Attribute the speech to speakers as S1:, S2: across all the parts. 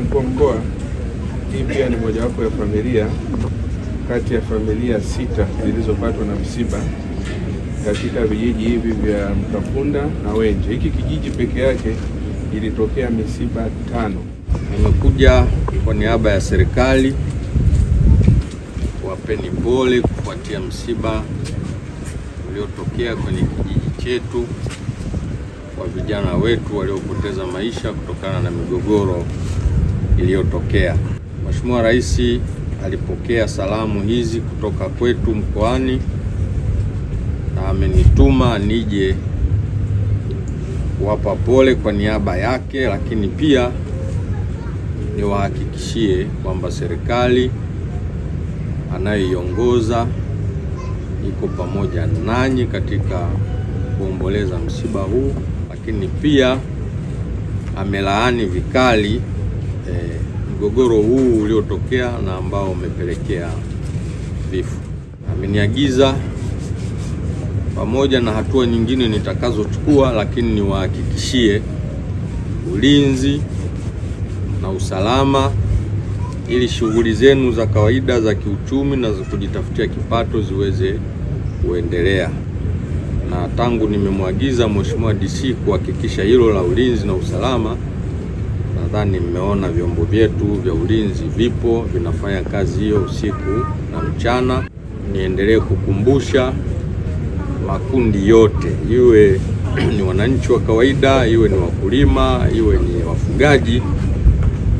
S1: Mheshimiwa Mkuu wa Mkoa, hii pia ni mojawapo ya familia kati ya familia sita zilizopatwa na msiba katika vijiji hivi vya Mkapunda na Wenje. Hiki kijiji peke yake ilitokea misiba tano. Nimekuja kwa niaba ya serikali kuwapeni pole kufuatia msiba uliotokea kwenye kijiji chetu kwa vijana wetu waliopoteza maisha kutokana na migogoro iliyotokea. Mheshimiwa Rais alipokea salamu hizi kutoka kwetu mkoani na amenituma nije kuwapa pole kwa niaba yake, lakini pia niwahakikishie kwamba serikali anayoiongoza iko pamoja nanyi katika kuomboleza msiba huu, lakini pia amelaani vikali mgogoro huu uliotokea na ambao umepelekea vifo. Ameniagiza pamoja na hatua nyingine nitakazochukua, lakini niwahakikishie ulinzi na usalama ili shughuli zenu za kawaida za kiuchumi na za kujitafutia kipato ziweze kuendelea. Na tangu nimemwagiza Mheshimiwa DC kuhakikisha hilo la ulinzi na usalama nadhani mmeona vyombo vyetu vya ulinzi vipo vinafanya kazi hiyo usiku na mchana. Niendelee kukumbusha makundi yote, iwe ni wananchi wa kawaida, iwe ni wakulima, iwe ni wafugaji,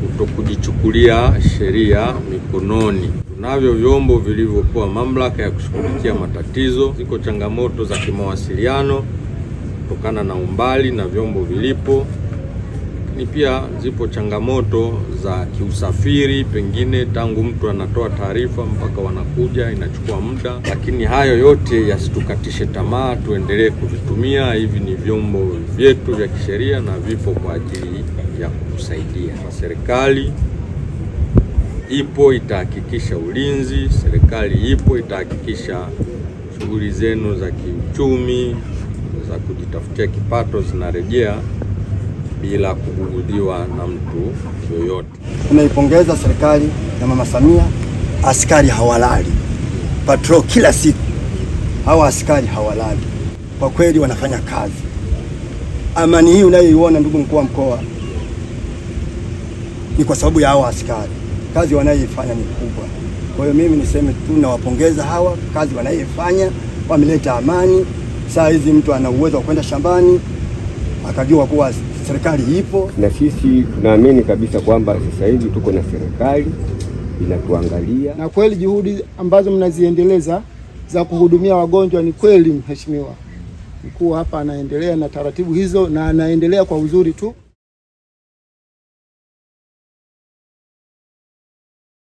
S1: kutokujichukulia sheria mikononi. Tunavyo vyombo vilivyokuwa mamlaka ya kushughulikia matatizo. Ziko changamoto za kimawasiliano kutokana na umbali na vyombo vilipo lakini pia zipo changamoto za kiusafiri, pengine tangu mtu anatoa taarifa mpaka wanakuja inachukua muda, lakini hayo yote yasitukatishe tamaa, tuendelee kuvitumia. Hivi ni vyombo vyetu vya kisheria na vipo kwa ajili ya kutusaidia. Serikali ipo itahakikisha ulinzi, serikali ipo itahakikisha shughuli zenu za kiuchumi za kujitafutia kipato zinarejea bila kubugudiwa na mtu yoyote.
S2: Tunaipongeza serikali ya Mama Samia. Askari hawalali patrol kila siku, hawa askari hawalali kwa kweli, wanafanya kazi. Amani hii unayoiona ndugu mkuu wa mkoa ni kwa sababu ya hawa askari, kazi wanayoifanya ni kubwa. Kwa hiyo mimi niseme tu nawapongeza hawa, kazi wanayoifanya wameleta amani. Saa hizi mtu ana uwezo wa kwenda shambani akajua kuwa serikali ipo,
S1: na sisi tunaamini kabisa kwamba sasa hivi tuko na serikali inatuangalia,
S3: na kweli juhudi ambazo mnaziendeleza za kuhudumia wagonjwa ni kweli, Mheshimiwa Mkuu hapa anaendelea na taratibu hizo na anaendelea kwa uzuri tu.